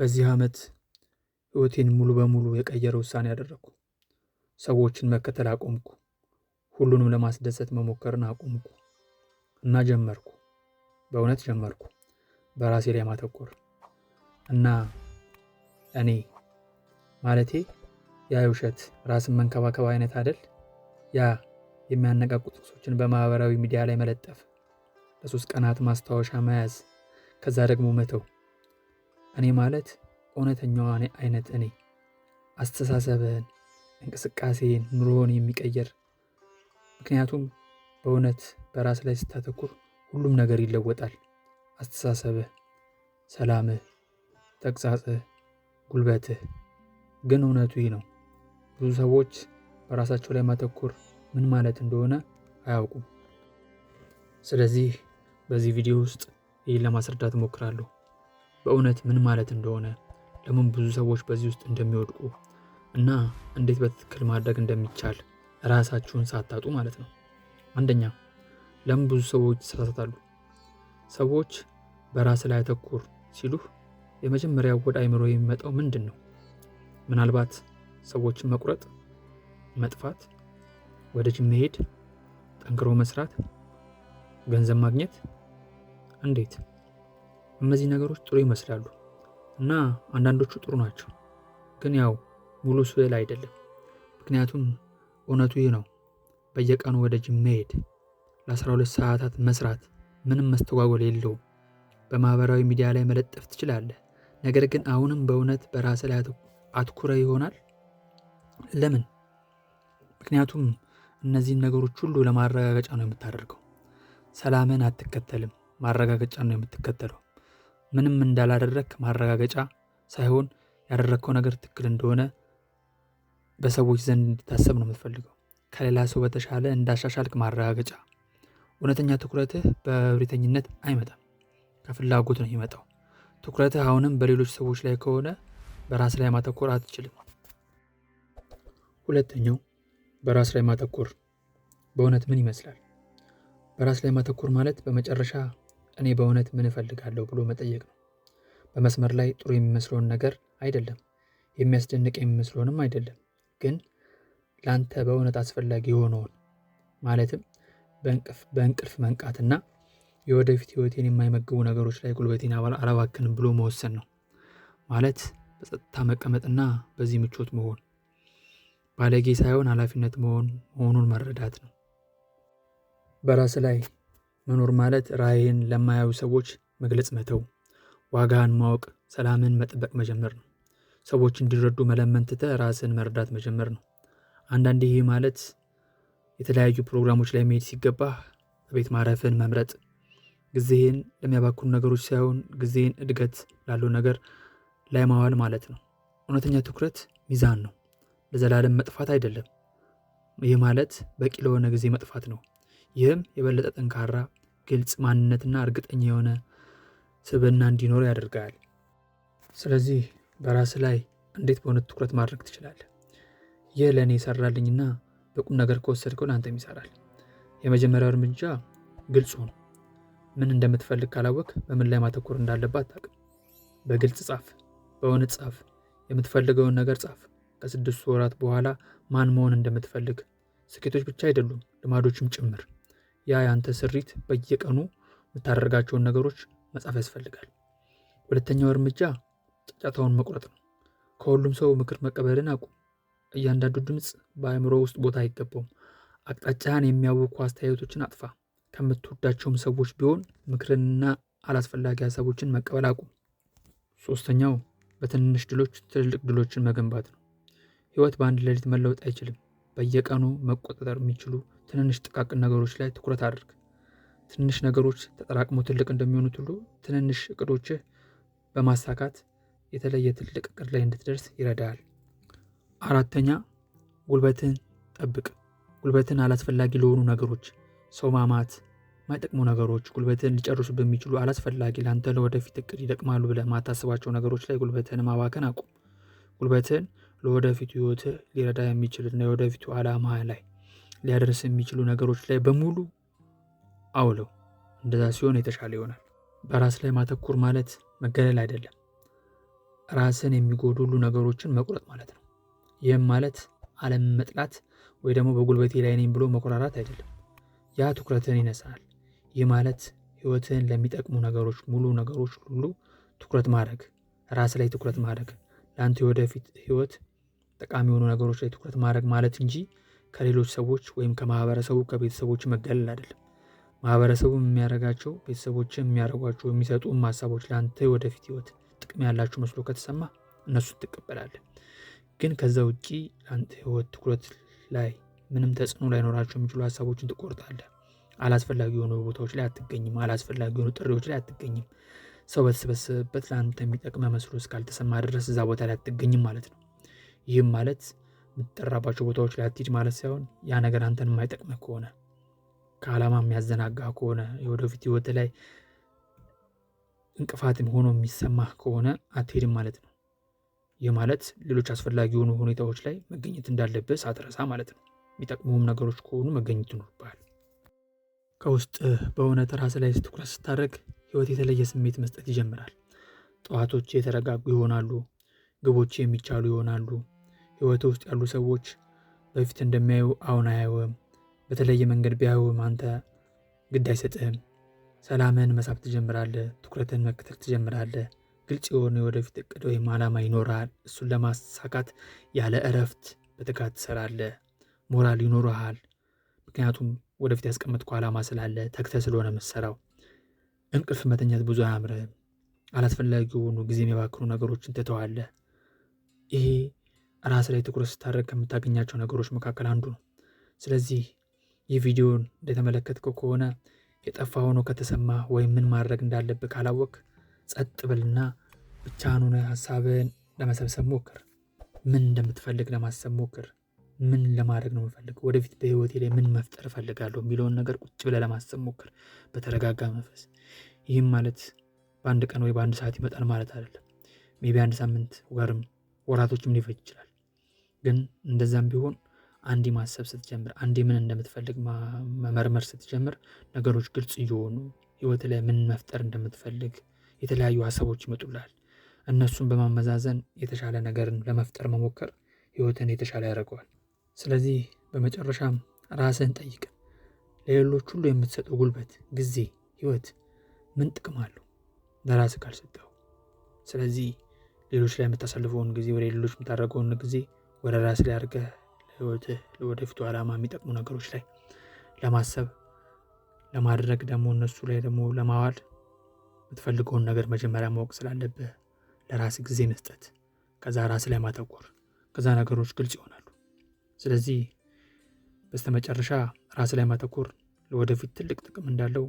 በዚህ ዓመት ሕይወቴን ሙሉ በሙሉ የቀየረ ውሳኔ አደረግኩ። ሰዎችን መከተል አቆምኩ። ሁሉንም ለማስደሰት መሞከርን አቆምኩ እና ጀመርኩ፣ በእውነት ጀመርኩ በራሴ ላይ ማተኮር እና እኔ ማለቴ ያ ውሸት ራስን መንከባከብ አይነት አደል? ያ የሚያነቃቁ ጥቅሶችን በማህበራዊ ሚዲያ ላይ መለጠፍ፣ ለሶስት ቀናት ማስታወሻ መያዝ፣ ከዛ ደግሞ መተው እኔ ማለት እውነተኛዋ አይነት እኔ አስተሳሰብህን፣ እንቅስቃሴን፣ ኑሮን የሚቀየር ምክንያቱም በእውነት በራስ ላይ ስታተኩር ሁሉም ነገር ይለወጣል። አስተሳሰብህ፣ ሰላምህ፣ ተግሳጽህ፣ ጉልበትህ። ግን እውነቱ ይህ ነው። ብዙ ሰዎች በራሳቸው ላይ ማተኩር ምን ማለት እንደሆነ አያውቁም። ስለዚህ በዚህ ቪዲዮ ውስጥ ይህን ለማስረዳት እሞክራለሁ። በእውነት ምን ማለት እንደሆነ፣ ለምን ብዙ ሰዎች በዚህ ውስጥ እንደሚወድቁ እና እንዴት በትክክል ማድረግ እንደሚቻል ራሳችሁን ሳታጡ ማለት ነው። አንደኛ ለምን ብዙ ሰዎች ይሳሳታሉ? ሰዎች በራስ ላይ አተኩር ሲሉህ የመጀመሪያው ወደ አይምሮ የሚመጣው ምንድን ነው? ምናልባት ሰዎችን መቁረጥ፣ መጥፋት፣ ወደ ጅም መሄድ፣ ጠንክሮ መስራት፣ ገንዘብ ማግኘት። እንዴት እነዚህ ነገሮች ጥሩ ይመስላሉ እና አንዳንዶቹ ጥሩ ናቸው፣ ግን ያው ሙሉ ስዕል አይደለም። ምክንያቱም እውነቱ ይህ ነው። በየቀኑ ወደ ጅም መሄድ፣ ለ12 ሰዓታት መስራት ምንም መስተጓጎል የለውም። በማህበራዊ ሚዲያ ላይ መለጠፍ ትችላለህ። ነገር ግን አሁንም በእውነት በራስ ላይ አትኩረ ይሆናል። ለምን? ምክንያቱም እነዚህን ነገሮች ሁሉ ለማረጋገጫ ነው የምታደርገው። ሰላምን አትከተልም፣ ማረጋገጫ ነው የምትከተለው። ምንም እንዳላደረክ ማረጋገጫ ሳይሆን ያደረግከው ነገር ትክክል እንደሆነ በሰዎች ዘንድ እንዲታሰብ ነው የምትፈልገው። ከሌላ ሰው በተሻለ እንዳሻሻልክ ማረጋገጫ። እውነተኛ ትኩረትህ በእብሪተኝነት አይመጣም፣ ከፍላጎት ነው የሚመጣው። ትኩረትህ አሁንም በሌሎች ሰዎች ላይ ከሆነ በራስ ላይ ማተኮር አትችልም። ሁለተኛው በራስ ላይ ማተኮር በእውነት ምን ይመስላል? በራስ ላይ ማተኮር ማለት በመጨረሻ እኔ በእውነት ምን እፈልጋለሁ ብሎ መጠየቅ ነው። በመስመር ላይ ጥሩ የሚመስለውን ነገር አይደለም፣ የሚያስደንቅ የሚመስለውንም አይደለም፣ ግን ለአንተ በእውነት አስፈላጊ የሆነውን ማለትም በእንቅልፍ መንቃትና የወደፊት ህይወቴን የማይመግቡ ነገሮች ላይ ጉልበቴን አላባክንም ብሎ መወሰን ነው። ማለት በጸጥታ መቀመጥና በዚህ ምቾት መሆን ባለጌ ሳይሆን ኃላፊነት መሆን መሆኑን መረዳት ነው። በራስ ላይ መኖር ማለት ራእይን ለማያዩ ሰዎች መግለጽ መተው፣ ዋጋን ማወቅ፣ ሰላምን መጠበቅ መጀመር ነው። ሰዎች እንዲረዱ መለመን ትተ ራስን መርዳት መጀመር ነው። አንዳንድ ይህ ማለት የተለያዩ ፕሮግራሞች ላይ መሄድ ሲገባህ ቤት ማረፍን መምረጥ፣ ጊዜህን ለሚያባክኑ ነገሮች ሳይሆን ጊዜህን እድገት ላለው ነገር ላይ ማዋል ማለት ነው። እውነተኛ ትኩረት ሚዛን ነው፣ ለዘላለም መጥፋት አይደለም። ይህ ማለት በቂ ለሆነ ጊዜ መጥፋት ነው። ይህም የበለጠ ጠንካራ ግልጽ ማንነትና እርግጠኛ የሆነ ስብና እንዲኖር ያደርጋል። ስለዚህ በራስ ላይ እንዴት በእውነት ትኩረት ማድረግ ትችላለህ? ይህ ለእኔ ይሰራልኝና በቁም ነገር ከወሰድከው ለአንተም ይሰራል። የመጀመሪያው እርምጃ ግልጽ ሁን። ምን እንደምትፈልግ ካላወቅ በምን ላይ ማተኮር እንዳለባት አታውቅም። በግልጽ ጻፍ፣ በእውነት ጻፍ፣ የምትፈልገውን ነገር ጻፍ። ከስድስት ወራት በኋላ ማን መሆን እንደምትፈልግ ስኬቶች ብቻ አይደሉም ልማዶችም ጭምር ያ ያንተ ስሪት በየቀኑ የምታደርጋቸውን ነገሮች መጻፍ ያስፈልጋል። ሁለተኛው እርምጃ ጫጫታውን መቁረጥ ነው። ከሁሉም ሰው ምክር መቀበልን አቁም። እያንዳንዱ ድምፅ በአእምሮ ውስጥ ቦታ አይገባውም። አቅጣጫህን የሚያውቁ አስተያየቶችን አጥፋ። ከምትወዳቸውም ሰዎች ቢሆን ምክርንና አላስፈላጊ ሀሳቦችን መቀበል አቁም። ሶስተኛው በትንንሽ ድሎች ትልልቅ ድሎችን መገንባት ነው። ህይወት በአንድ ሌሊት መለወጥ አይችልም። በየቀኑ መቆጣጠር የሚችሉ ትንንሽ ጥቃቅን ነገሮች ላይ ትኩረት አድርግ። ትንሽ ነገሮች ተጠራቅሞ ትልቅ እንደሚሆኑት ሁሉ ትንንሽ እቅዶችህ በማሳካት የተለየ ትልቅ እቅድ ላይ እንድትደርስ ይረዳል። አራተኛ ጉልበትን ጠብቅ። ጉልበትን አላስፈላጊ ለሆኑ ነገሮች፣ ሰው ማማት፣ ማይጠቅሙ ነገሮች፣ ጉልበትን ሊጨርሱ በሚችሉ አላስፈላጊ ለአንተ ለወደፊት እቅድ ይጠቅማሉ ብለህ ማታስባቸው ነገሮች ላይ ጉልበትን ማባከን አቁም። ጉልበትን ለወደፊቱ ህይወት ሊረዳ የሚችልና የወደፊቱ ዓላማ ላይ ሊያደርስ የሚችሉ ነገሮች ላይ በሙሉ አውለው። እንደዛ ሲሆን የተሻለ ይሆናል። በራስ ላይ ማተኩር ማለት መገለል አይደለም፣ ራስን የሚጎዱ ሁሉ ነገሮችን መቁረጥ ማለት ነው። ይህም ማለት አለም መጥላት ወይ ደግሞ በጉልበቴ ላይ ነኝ ብሎ መቆራራት አይደለም። ያ ትኩረትን ይነሳል። ይህ ማለት ህይወትን ለሚጠቅሙ ነገሮች ሙሉ ነገሮች ሁሉ ትኩረት ማድረግ፣ ራስ ላይ ትኩረት ማድረግ ለአንተ የወደፊት ህይወት ጠቃሚ የሆኑ ነገሮች ላይ ትኩረት ማድረግ ማለት እንጂ ከሌሎች ሰዎች ወይም ከማህበረሰቡ ከቤተሰቦች መገለል አይደለም። ማህበረሰቡ የሚያደርጋቸው ቤተሰቦች የሚያደርጓቸው የሚሰጡም ሀሳቦች ለአንተ ወደፊት ህይወት ጥቅም ያላቸው መስሎ ከተሰማ እነሱ ትቀበላለህ። ግን ከዛ ውጪ ለአንተ ህይወት ትኩረት ላይ ምንም ተጽዕኖ ላይኖራቸው የሚችሉ ሀሳቦችን ትቆርጣለህ። አላስፈላጊ የሆኑ ቦታዎች ላይ አትገኝም። አላስፈላጊ የሆኑ ጥሪዎች ላይ አትገኝም። ሰው በተሰበሰበበት ለአንተ የሚጠቅመ መስሎ እስካልተሰማ ድረስ እዛ ቦታ ላይ አትገኝም ማለት ነው። ይህም ማለት የምትጠራባቸው ቦታዎች ላይ አትሂድ ማለት ሳይሆን ያ ነገር አንተን የማይጠቅም ከሆነ ከዓላማ የሚያዘናጋ ከሆነ የወደፊት ህይወት ላይ እንቅፋትም ሆኖ የሚሰማህ ከሆነ አትሄድም ማለት ነው። ይህ ማለት ሌሎች አስፈላጊ የሆኑ ሁኔታዎች ላይ መገኘት እንዳለብህ ሳትረሳ ማለት ነው። የሚጠቅሙም ነገሮች ከሆኑ መገኘት ይኖርብሃል። ከውስጥ በእውነት ራስ ላይ ትኩረት ስታደርግ ህይወት የተለየ ስሜት መስጠት ይጀምራል። ጠዋቶች የተረጋጉ ይሆናሉ። ግቦች የሚቻሉ ይሆናሉ። ህይወት ውስጥ ያሉ ሰዎች በፊት እንደሚያዩ አሁን አያውም። በተለየ መንገድ ቢያዩም አንተ ግድ አይሰጥህም። ሰላምን መሳብ ትጀምራለህ። ትኩረትን መከተል ትጀምራለህ። ግልጽ የሆነ የወደፊት እቅድ ወይም ዓላማ ይኖራል። እሱን ለማሳካት ያለ እረፍት በትጋት ትሰራለህ። ሞራል ይኖርሃል፣ ምክንያቱም ወደፊት ያስቀመጥኩ ዓላማ ስላለ ተግተ ስለሆነ የምትሰራው። እንቅልፍ መተኛት ብዙ አያምርህም። አላስፈላጊ የሆኑ ጊዜ የሚባክኑ ነገሮችን ትተዋለህ። ይሄ ራስ ላይ ትኩረት ስታደርግ ከምታገኛቸው ነገሮች መካከል አንዱ ነው። ስለዚህ ይህ ቪዲዮን እንደተመለከትከው ከሆነ የጠፋ ሆኖ ከተሰማ ወይም ምን ማድረግ እንዳለብህ ካላወቅ ጸጥ ብልና ብቻህን ሆነ ለመሰብሰብ ሞክር። ምን እንደምትፈልግ ለማሰብ ሞክር። ምን ለማድረግ ነው የምፈልግ፣ ወደፊት በህይወቴ ላይ ምን መፍጠር እፈልጋለሁ የሚለውን ነገር ቁጭ ብለህ ለማሰብ ሞክር በተረጋጋ መንፈስ። ይህም ማለት በአንድ ቀን ወይ በአንድ ሰዓት ይመጣል ማለት አይደለም። ሜቢ አንድ ሳምንት፣ ወርም፣ ወራቶችም ሊፈጅ ይችላል። ግን እንደዛም ቢሆን አንዴ ማሰብ ስትጀምር፣ አንዴ ምን እንደምትፈልግ መመርመር ስትጀምር ነገሮች ግልጽ እየሆኑ ህይወት ላይ ምን መፍጠር እንደምትፈልግ የተለያዩ ሀሳቦች ይመጡላል። እነሱን በማመዛዘን የተሻለ ነገርን ለመፍጠር መሞከር ህይወትን የተሻለ ያደርገዋል። ስለዚህ በመጨረሻም ራስህን ጠይቅ። ለሌሎች ሁሉ የምትሰጠው ጉልበት፣ ጊዜ፣ ህይወት ምን ጥቅም አለው ለራስህ ካልሰጠው? ስለዚህ ሌሎች ላይ የምታሳልፈውን ጊዜ፣ ወደ ሌሎች የምታደርገውን ጊዜ ወደ ራስ ላይ አድርገህ ለህይወትህ ወደፊቱ ዓላማ የሚጠቅሙ ነገሮች ላይ ለማሰብ ለማድረግ ደግሞ እነሱ ላይ ደግሞ ለማዋል የምትፈልገውን ነገር መጀመሪያ ማወቅ ስላለብህ ለራስ ጊዜ መስጠት፣ ከዛ ራስ ላይ ማተኮር፣ ከዛ ነገሮች ግልጽ ይሆናሉ። ስለዚህ በስተመጨረሻ ራስ ላይ ማተኮር ለወደፊት ትልቅ ጥቅም እንዳለው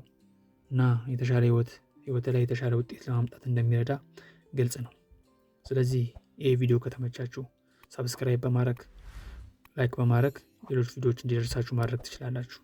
እና የተሻለ ህይወት ህይወት ላይ የተሻለ ውጤት ለማምጣት እንደሚረዳ ግልጽ ነው። ስለዚህ ይህ ቪዲዮ ከተመቻችሁ ሳብስክራይብ በማድረግ ላይክ በማድረግ ሌሎች ቪዲዮዎች እንዲደርሳችሁ ማድረግ ትችላላችሁ።